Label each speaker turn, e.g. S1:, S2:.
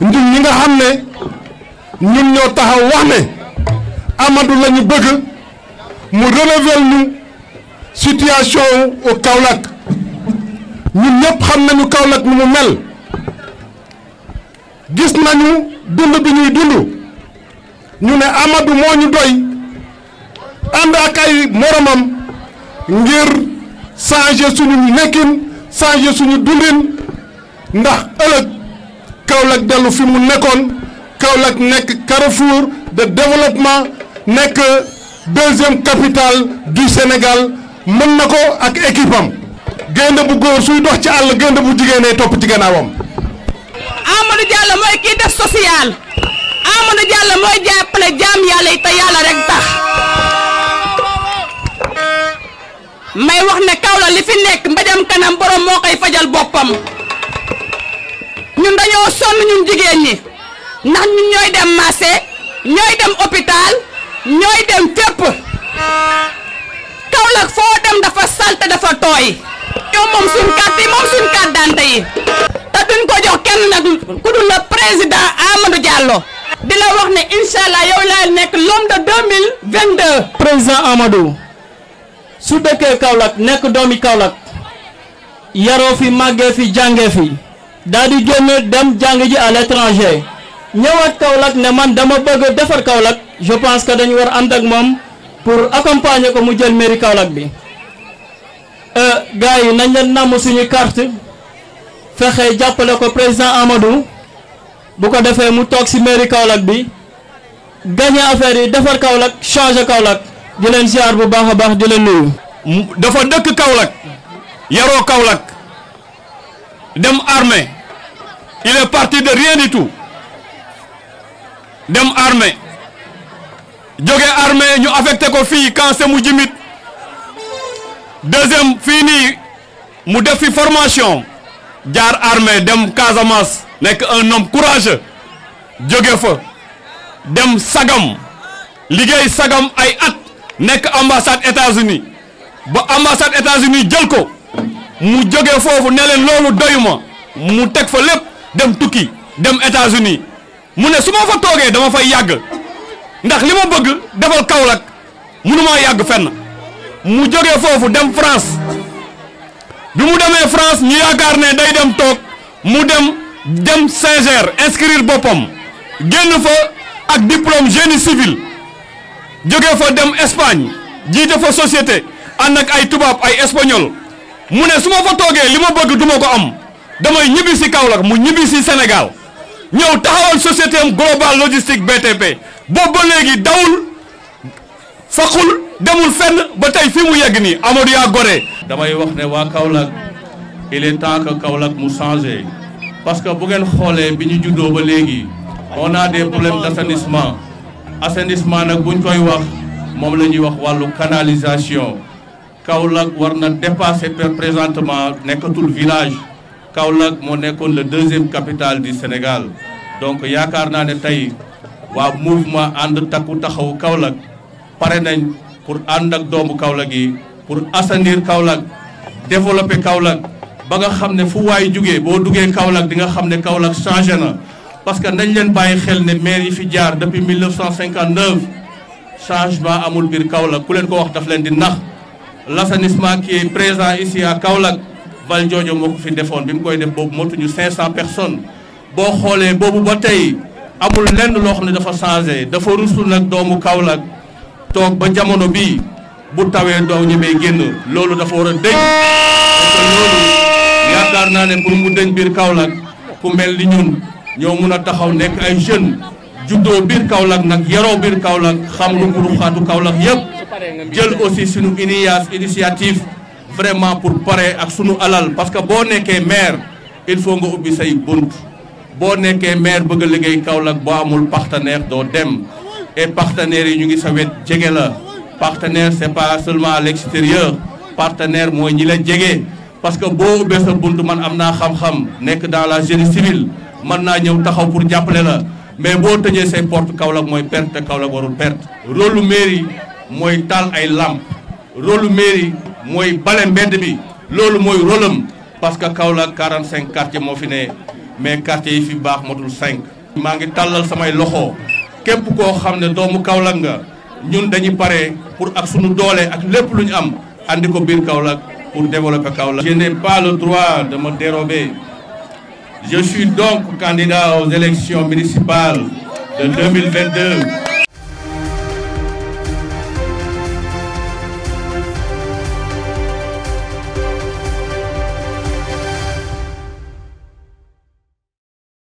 S1: nit ñi nga xam ne ñun ñoo taxaw wax ne Amadou la ñu bëgg mu relever ñu situation au Kaolack ñun ñëpp xam nañu Kaolack nu mu mel gis nañu dund bi ñuy dund ñu ne Amadou moo ñu doy ànd ak ay moromam ngir changer suñu nekkin changer suñu dundin ndax ëllëg. Kaolack dellu fi mu nekkoon Kaolack nekk carrefour de développement nekk deuxième capitale du Sénégal mën na ko ak équipe am gaynde bu góor suy dox ci àll gaynde bu jigéenee topp ci gannaawam.
S2: Amadou Diallo mooy kii def social Amadou Diallo mooy jàppale jaam yàlla yi te yàlla rek tax may wax ne Kaolack li fi nekk mbajam kanam borom moo koy fajal boppam. ñun dañoo sonn ñun jigéen ñi ndax ñun ñooy dem marché ñooy dem hôpital ñooy dem fépp Kaolack foo dem dafa salte dafa tooy yow moom suñ yi moom suñ carte yi te duñ ko jox kenn nag ku dul le président Amadou di la wax ne incha yow laay nekk l'homme de 2022 président Amadou su dëkkee Kaolack nekk doomi Kaolack
S3: yaroo fi màggee fi jàngee fi dadi di génn dem jàng ji à l'étranger ñëwaat Kaolack ne man dama bëgg defar Kaolack je pense que dañu war ànd ak moom pour accompagner ko mu jël mairie Kaolack bi euh, gars yi nañ leen namm suñu carte fexe jàppale ko président Amadou bu ko defee mu toog si mairie Kaolack bi gagné affaire yi defar Kaolack changé Kaolack di leen ziar bu baax baax di leen nuyu dafa dëkk dem armée il est parti de rien du tout dem armée jóge armée ñu affecté ko fii cancer mu jimit deuxième fii nii mu def fi formation jaar armée dem Casamance nekk un homme courageux jóge fa dem sagam liggéey sagam ay at nekk ambassade États-Unis ba ambassade États-Unis jël ko mu jóge foofu ne loolu doyuma mu teg fa lépp dem tukki dem États-Unis mune suma su dem fa toogee dama fay yàgg ndax li ma bëgg defal Kaolack mënumaa yàgg fenn mu jógee foofu dem France bi mu France ñu yaakaar ne day dem tok, mu dem dem Saint-Ger inscrire boppam génn fa ak diplôme génie civil jógee fa dem Espagne jiite fa société ànd ak ay tubaab ay espagnol mu ne su ma fa toogee li bëgg duma ko am damay ñibbi si Kaolack mu ñibbi si Sénégal ñëw taxawal société am global logistique BTP boobu ba léegi dawul
S4: faqul demul fenn ba tey fi mu yegg nii Amadou yaa gore damay wax ne waa Kaolack il est temps que Kaolack mu changé parce que bu ngeen xoolee bi ñu juddoo ba léegi on a des problèmes d'assainissement assainissement nag buñ koy wax moom la ñuy wax wàllu canalisation Kaolack war na dépasser présentement nekkatul village Kaolack moo nekkoon le deuxième capitale du Sénégal donc yaakaar naa ne tey waa mouvement ànd takku taxawu Kaolack pare nañ pour ànd ak doomu Kaolack yi pour assainir Kaolack développer Kaolack ba nga xam ne fu waay jugee boo duggee Kaolack di nga xam ne Kaolack changé na parce que nañ leen bàyyi xel ne maire yi fi jaar depuis 1959 changement amul biir Kaolack ku leen ko wax daf leen di nax l'assainissement qui présent ici à Val Ndiogio moo ko fi defoon bim mu koy def boobu motuñu 500 personnes boo xoolee bobu ba tey amul lenn loo xam ne dafa changé dafa rusul nag doomu Kaolack toog ba jamono bii bu tawee doo ñemee génn loolu dafa war a dëñ parce que loolu pour mu dëñ biir Kaolack ku mel ni ñun ñoo mun a taxaw nekk ay jeunes juddoo biir Kaolack nag yaroo biir Kaolack xam lu pour jël aussi suñu initiative vraiment pour pare ak sunu alal parce que boo nekkee maire il faut nga ubbi say bunt boo nekkee maire bëgg a liggéey Kaolack boo amul partenaire doo dem et partenaires yi ñu ngi sa wet jege la partenaire c'est pas seulement à l'extérieur partenaire mooy ñi la jege parce que boo ubbee sa bunt man am naa xam-xam nekk dans la génie civile mën naa ñëw taxaw pour jàppale la mais boo tëjee say porte Kaolack mooy perte Kaolack warul perte rôle lu mairie mooy taal ay làmp rôle moy bale mbedd bi loolu mooy rôlam parce que Kaolack 45 quartiers mo fi ne mais quartier yi fi bax motul 5. maa ngi tàllal samay loxo kep ko xam doomu Kaolack nga ñun dañuy paré pour ak sunu doole ak lepp lu am andi ko bir Kaolack pour développer Kaolack. je n'ai pas le droit de me dérober je suis donc candidat aux élections municipales de 2022.